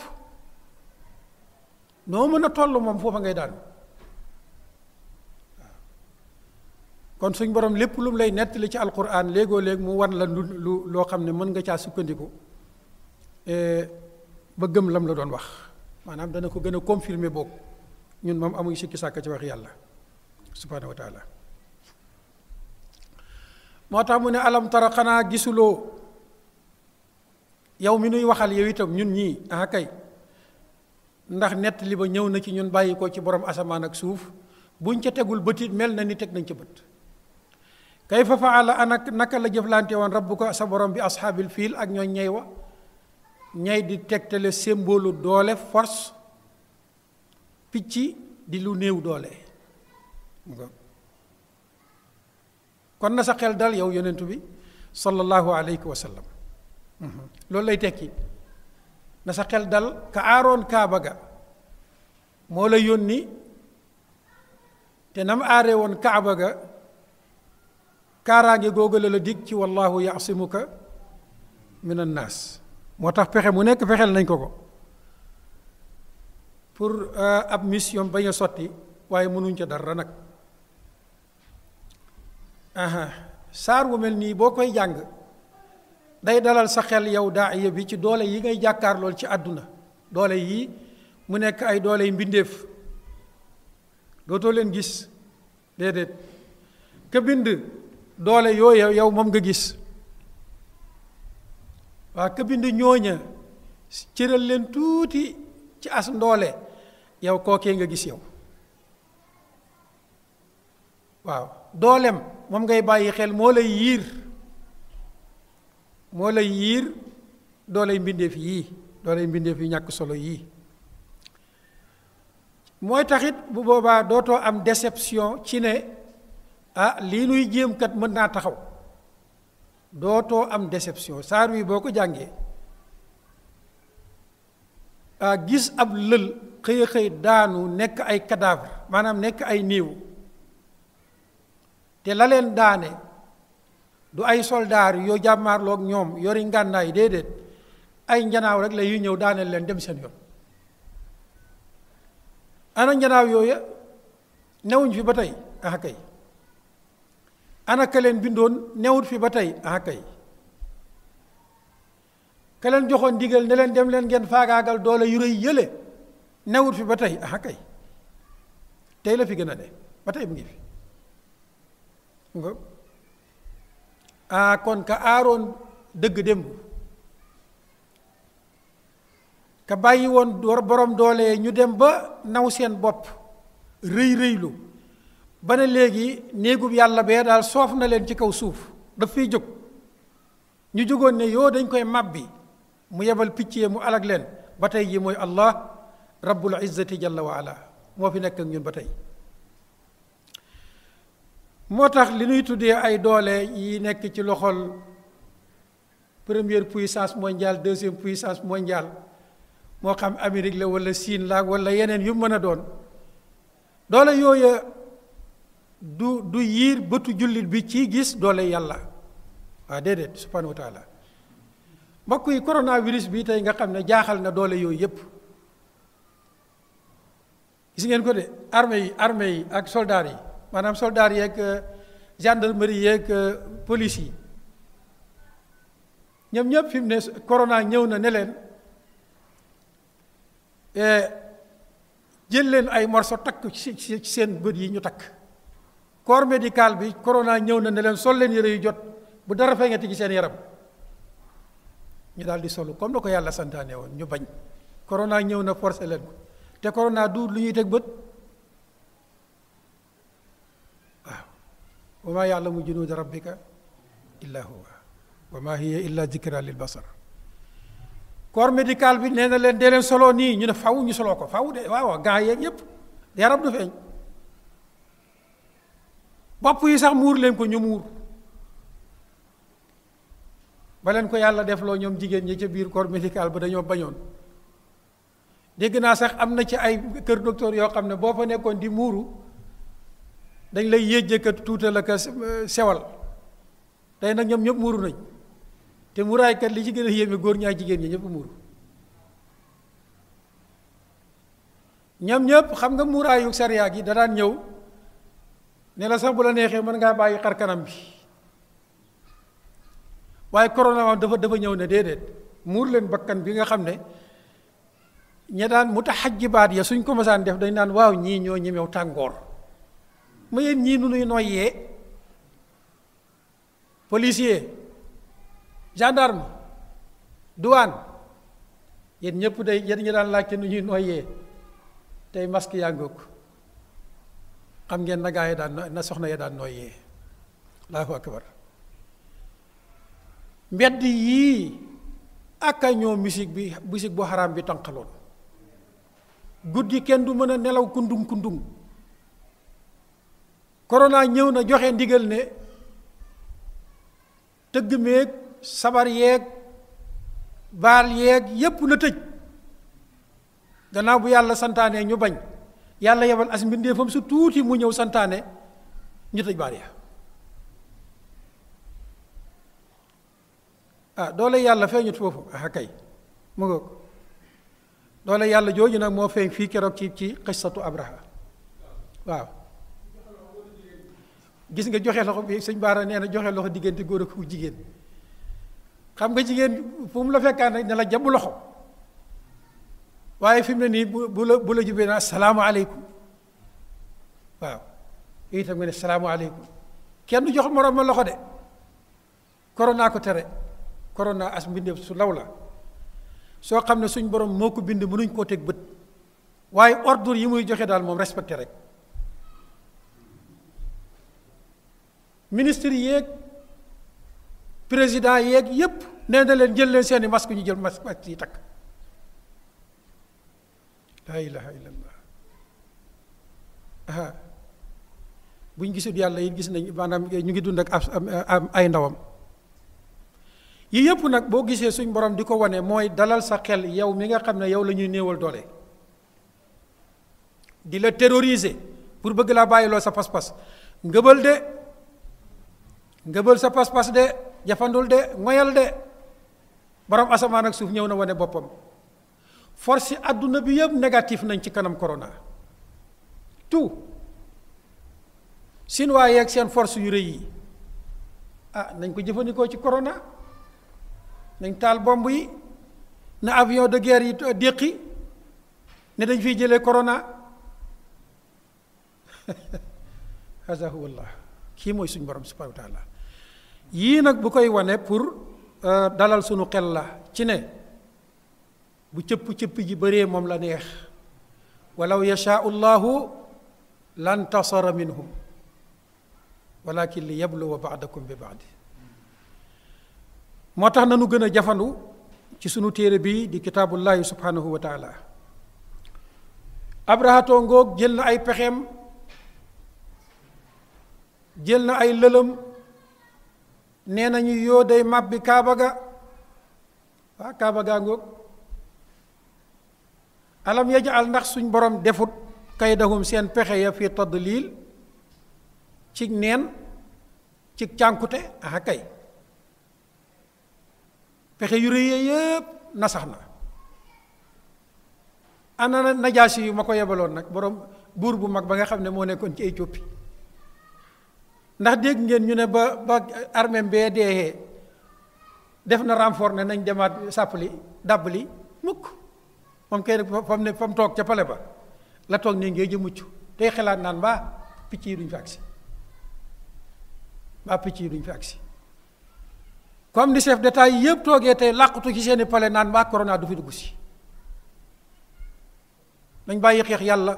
noo mën a toll moom foofu ngay daanu kon suñ boroom lépp lu mu lay nettali ci alquran léegoo léeg mu wan la lu lu loo xam ne mën nga caa sukkandiku e, ba gëm lam la doon wax maanaam dana ko gën a confirmer boog ñun moom amuñ sikki sàkk ci wax yàlla subhaanahu wa moo tax mu ne alam tara xanaa gisuloo yow mi nuy waxal yow itam ñun ñii ah kay ndax nett li ba ñëw na ci ñun bàyyi ko ci borom asamaan ak suuf buñ ca tegul bët it mel na ni teg nañ ca bët kay fa faala ana naka la jëflante woon rabbuka sa borom bi ashaabil fiil ak ñooñ ñey wa ñey di tegtale symbole doole force picc di lu néew doole kon na sa xel dal yow yonentu bi sallallahu alayhi wa sallam mhm. loolu lay tekki na sa xel dal ka aaroon kaaba ga moo la yónni te nam aare woon kaaba ga kaaraange googu la la dig ci wallahu yasimuka min an naas moo tax pexe mu nekk fexeel nañ ko ko pour euh, ab mission bañ a sotti waaye mënuñ ca dara nag saar wu mel nii boo koy jàng day dalal sa xel yow daaya bi ci doole yi ngay jàkkaar lool ci àdduna doole yii mu nekk ay doole yi mbindeef dootoo leen gis déedéet ka bind doole yooyu yaw moom nga gis waa ka bind ñooña cëral leen tuuti ci as ndoole yow kookee nga gis yow waaw doolem moom ngay bàyyi xel moo lay yiir moo lay yiir dooley mbindeef yii dooley mbindeef yi ñàkk solo yii mooy taxit bu boobaa dootoo am déception ci ne ah lii nuy jéem kat mën naa taxaw dootoo am déception saar wi boo ko jàngee ah gis ab lël xëy xëy daanu nekk ay cadavre maanaam nekk ay néew te la leen daane du ay soldaar yoo jàmmaarloog ñoom yori ngànnaay déedéet ay njanaaw rek la yuy ñëw daaneel leen dem seen yoon ana njanaaw yooyu newuñ fi ba tey ah ana leen bindoon newut fi ba tey ah kay ka leen joxoon ndigal ne leen dem leen ngeen faagaagal doole yu rëy yële newut fi ba tey ah tey la fi gën a ne ba tey mu ngi fi ah kon ka aaroon dëgg démb ka bàyyi woon borom doole ñu dem ba naw seen bopp rëy rëylu ba ne léegi néegub yàlla bee daal soof na leen ci kaw suuf daf fiy jóg ñu jógoon ne yoo dañ koy màbbi mu yebal picc yi mu alag leen ba tey ji mooy allah rabbul izzati jalla wa ala moo fi nekk ak ñun ba tey moo tax li ñuy tuddee ay doole yi nekk ci loxol première puissance mondiale deuxième puissance mondiale moo xam Amérique la wala siin la wala yeneen yu mën a doon doole yooya du du yiir bëtu jullit bi ci gis doole yàlla waa déedéet subhanahu wa taala mbokk yi coronavirus bi tey nga xam ne jaaxal na doole yooyu yépp gis ngeen ko de armée yi armée yi ak soldats yi maanaam soldats yeeg euh, gendarmerie yeeg euh, police yi ñoom ñëpp fi mu ne corona ñëw na ne leen eh, jël leen ay morceau takk ci seen bët yi ñu takk corps médical bi corona ñëw na ne leen sol leen yére yu jot bu dara feeñati ci seen yaram ñu daldi di solu comme la ko yàlla santaane woon ñu bañ corona ñëw na forcé leen ko te corona du lu ñuy teg bët waaw wa maa ya'lamu junuuda rabbika illa huwa wa maa hiya illa zikra lil basar corps médical bi nee na leen dee leen soloo nii ñu ne faw ñu soloo ko faw de waaw gants yeeg yépp yaram du feeñ bopp yi sax muur leen ko ñu muur ba ko yàlla def loo ñoom jigéen ñi ca biir corps médical ba dañoo bañoon dégg naa sax am na ci ay kër docteur yoo xam ne boo fa nekkoon di muuru dañ lay yéjje ka tuutal ak sewal tey nag ñoom ñëpp muuru nañ te muuraaykat li ci gën a yéeme góor ñaay jigéen ñi ñëpp muuru ñoom ñëpp xam nga muuraayu sariya gi da daan ñëw ne la sax bu la neexee mën ngaa bàyyi xar kanam bi waaye corona dafa dafa ñëw ne déedéet muur leen bakkan bi nga xam ne ña daan mutaxajibaat ya suñ ko masaan def dañ naan waaw ñii ñoo ñemew tàngoor ma yéen ñii nu nuy noyyee policier gendarme douane yéen ñëpp dey yéen ñi daan laajte nu ñuy noyyee tey masque yaa ngoog xam ngeen na gaa yi daan na soxna ya daan nooyee allahu akbar mbedd yii ak ñoo musique bi musique bu xaraam bi tànqaloon guddi kenn du mën a nelaw kundung kundung corona ñëw na joxe ndigal ne tëgg meeg sabar yeeg baal yeeg yépp na tëj gannaaw bu yàlla santaanee ñu bañ yàlla yebal as mbindeefam su tuuti mu ñëw santaane ñu tëj baar ya ah, doole yàlla feeñut foofu ah kay mu ngoog doole yàlla jooju nag moo feeñ fii keroog ci ci xissatu abraha waaw gis nga joxe loxo bi sëñ baara nee na joxe loxo diggante góor ak ku jigéen xam nga jigéen fu mu la fekkaan rek ne la jàpp loxo waaye fi mu ne nii bu bu la bu la jubee naa salaamaaleykum waaw yooyu itam nga ne salaamaaleykum kenn du jox moroom ma loxo de corona ko tere corona as mbindeef su law la soo xam ne suñ borom moo ko bind mënuñ koo teg bët waaye ordre yi muy joxe daal moom respecté rek ministre yéeg président yeeg yépp nee na leen jël leen seeni masque ñu jël masque yi takk laa ilaha illallah aha bu ñu gisul yàlla yi gis nañ maanaam ñu ngi dund ak ay ndawam yi yëpp nag boo gisee suñ borom di ko wane mooy dalal sa xel yow mi nga xam ne yow la ñuy néewal doole di la terroriser pour bëgg laa bàyyi bàyyiloo sa pas-pas ngëbal de ngëbal sa pas-pas de jafandul de ngoyal de borom asamaan ak suuf ñëw na wane boppam force yi àdduna bi yëpp négatif nañ ci kanam corona tout chinois yeeg seen force yu rëy yi ah nañ ko jëfandikoo ci corona nañ taal bomb yi na avion de guerre yi déqi ne dañ fiy jëlee corona hazahu wallah kii mooy suñu borom subhanahu wa taala yii nag bu koy wane pour euh, dalal suñu xel la ci ne bu cëpp-cëpp ji bëree moom la neex walaw yashaau llahu lan minhum walakin li yabluwa baadakum bi baadi moo tax nanu gën a jafandu ci sunu téere bi di kitaabullahi subhanahu wa taala abrahato ngoog jël na ay pexeem jël na ay lëlëm nee nañu yoo day màbbi kaaba ga waa kaaba gaa ngoog alam yajal ndax suñ borom defut kaydahum seen pexe ya fi todd tadlil ci neen ci cànkute aha kay pexe yu rëy yëpp nasax na ana najaasi yu ma ko yebaloon nag borom buur bu mag ba nga xam ne moo nekkoon ci ay Éthiopie ndax dégg ngeen ñu ne ba ba armée bee deexee def na renfort ne nañ demaat sàppali dàbbali mukk moom kay rek ne fa toog ca pale ba la toog nii ngay jëm mucc tey xalaat naan mbaa picc yi duñ fi agsi mbaa picc yi duñ fi agsi comme ni chef d'état yi yëpp toogee tey làqutu ci seeni pale naan mbaa corona du fi dugg si nañ bàyyi xeex yàlla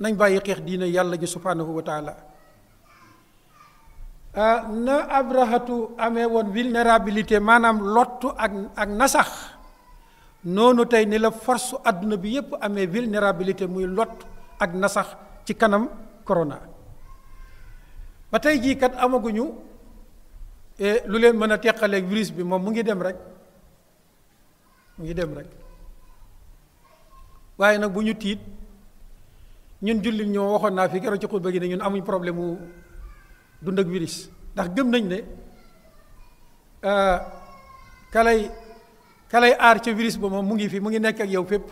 nañ bàyyi xeex diine yàlla ji subhanahu wa taala ah, na abrahatu amee woon vulnérabilité maanaam lottu ak ak nasax noonu tey ni la force àdduna bi yépp amee vulnérabilité muy lot ak nasax ci kanam corona ba tey jii kat amaguñu e, lu leen mën a teqaleeg virus bi moom mu ngi dem rek mu ngi dem rek waaye nag bu ñu tiit ñun jullit ñoo waxoon naa fi keroog ci xutba gi ne ñun amuñ problème mu dund ak virus ndax gëm nañ ne e, kalay ka lay aar ca virus ba moom mu ngi fi mu ngi nekk ak yow fépp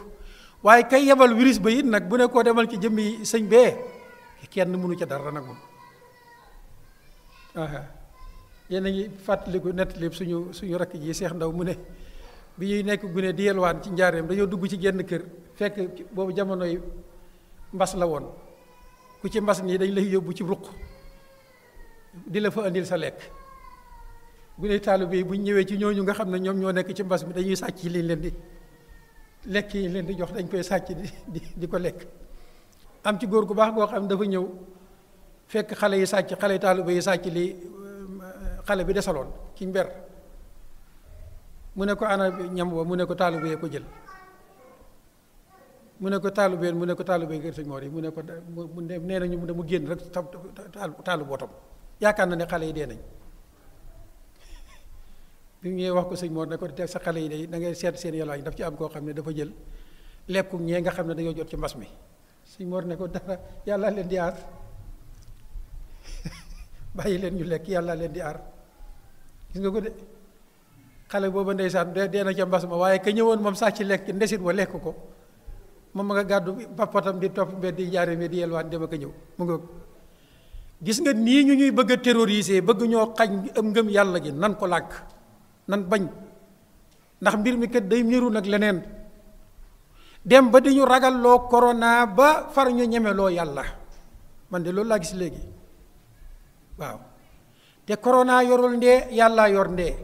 waaye kay yebal virus ba it nag bu ne demal ci jëmmi sëñ bee kenn mënu ca dara nag moom yéen a ngi fàttaliku nettali suñu suñu rakk ji seex ndaw mu ne bi ñuy nekk gune di yelwaan ci njaareem dañoo dugg ci genn kër fekk boobu jamonoy mbas la woon ku ci mbas nii dañ lay yóbbu ci ruq di la fa andil sa lekk bu dee taalibe yi bu ñu ñëwee ci ñooñu nga xam ne ñoom ñoo nekk ci mbas mi dañuy sàcc liñ leen di lekk yi leen di jox dañ koy sàcc di di ko lekk am ci góor gu baax goo xam ne dafa ñëw fekk xale yi sàcc xale yi taalibe yi sàcc li xale bi desaloon ci mber mu ne ko ana ñam ba mu ne ko taalibe yee ko jël mu ne ko taalibeen mu ne ko taalibeen kër sëñ Mor yi mu ne ko mu nee nañu mu génn rek taal taalu bootam yaakaar na ne xale yi dee nañ bi mu ñëwee wax ko sëñ Mor ne ko te sa xale yi day dangay ngay seet seen yàlla yi daf ci am koo xam ne dafa jël lekku ñee nga xam ne dañoo jot ci mbas mi sëñ Mor ne ko dara yàlla leen di aar bàyyi leen ñu lekk yàlla leen di ar gis nga ko de xale booba ndeysaan de dee na ca mbas ma waaye ka ñëwoon moom sax ci lekk ndesit wa lekk ko moom ma nga gàddu papatam di topp mbedd di jaare mi di yelwaan dem ak ko ñëw mu nga gis nga nii ñu ñuy bëgg a bëgg ñoo xañ am ngëm yàlla gi nan ko làkk nan bañ ndax mbir mi kat day miiru nag leneen dem ba di ñu ragal loo corona ba far ñu ñeme loo yàlla man de loolu laa gis léegi waaw te corona yorul ndee yàlla yor ndee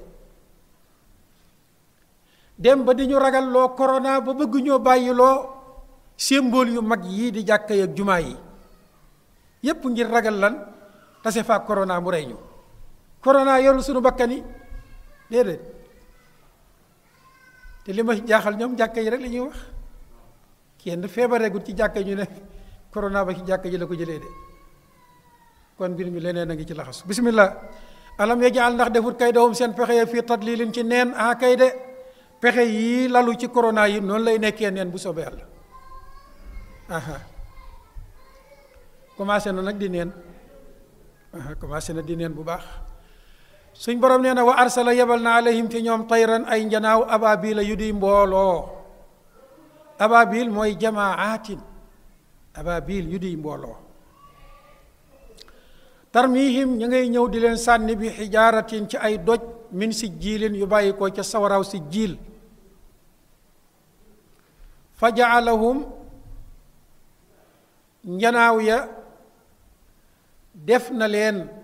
dem ba di ñu ragal loo corona ba bëgg ñoo bàyyi loo symbole yu mag yii di jàkka ak jumaa yi yépp ngir ragal lan tase faa corona mu rey ñu corona yorul sunu bakkan yi déedéet te li ma jaaxal ñoom jàkka yi rek la ñuy wax kenn feebareegut ci jàkka ñu ne corona ba ci jàkka ji la ko jëlee de kon mbir mi leneen a ngi ci laxas bismillah alam yajal ndax defut kay dawum seen pexe ya fii tadlilin ci neen a ah, kay de pexe yii lalu ci corona yi noonu lay nekkee neen bu soobee yàlla aha commencé na nag di neen aha commencé na di neen bu baax suñ borom nee na wa arsala yebal na alayhim ci ñoom tayran ay njanaaw ababil yu di mbooloo ababil mooy jamaatin ababil yu di mbooloo tarmihim ñu ngay ñëw di leen sànni bi xijaaratin ci ay doj min si jiilin yu bàyyi ko ca sawaraaw si jiil fa jaalahum njanaaw ya def na leen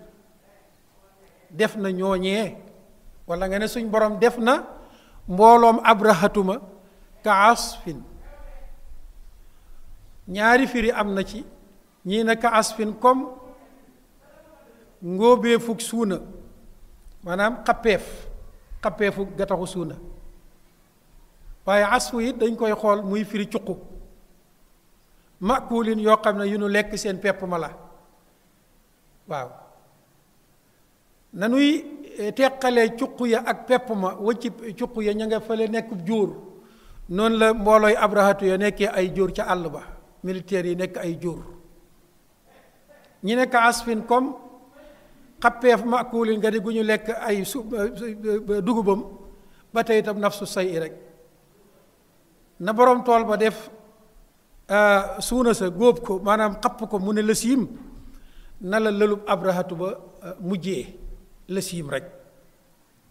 def na ñooñee walla nga ne suñ borom def na mbooloom abrahatuma ka asfin ñaari firi am na ci ñii na ka asfin comme ngóobee fukk suuna maanaam xappeef xappeefu gataxu suuna waaye asfu it dañ koy xool muy firi cuqu makulin yoo xam ne yu nu lekk seen pepp ma la waaw nanuy eh, teqale cuq ya ak pepp ma wëcci cuq ya ña nga fële nekkub jóor noonu la mboolooy abrahatu ya nekkee ay jóor ca àll ba militaires yi nekk ay jóor ñi nekk asfin comme xappeef makuulin nga di gu ñu lekk ay su dugubam ba tey itam nafsu say i rek na borom tool ba def eh, suuna sa góob ko maanaam xapp ko mu ne la siim na la lëlub abrahatu ba eh, mujjee la siim rek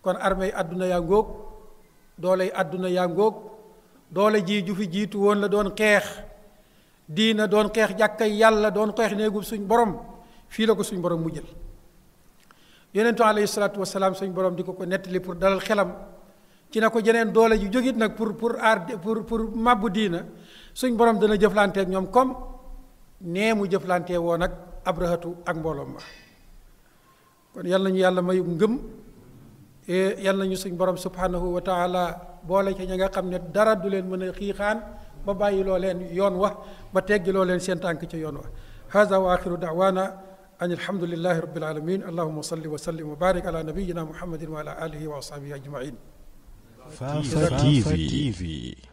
kon armée àdduna yaa ngóog doole yi àdduna yaa ngóog doole ji ju fi jiitu woon la doon xeex diina doon xeex jàkka yàlla doon xeex néegu suñ borom fii la ko suñ borom mu jël yonentu alayhi salaatu wasalaam suñ borom di ko ko nettali pour dalal xelam ci na ko jeneen doole ju jógit nag pour pour aar pour pour màbbu diina suñ borom dana jëflante ak ñoom comme nee mu jëflante woon ak abrahatu ak mbooloom ma kon na ñu yàlla mayu mayub ngëm yal nañu suñ borom subhanahu wa taala boole ca ña nga xam ne dara du leen mën a xiixaan ba bàyyi loo leen yoon wax ba teggiloo leen seen tànk ca yoon wax hada wa axiru daawana an alhamdulilahi rabbil alamin allahuma salli wa sallim wa barik ala nabiyina muhammadin wa ala alihi wa ashabihi ajmain Fafa TV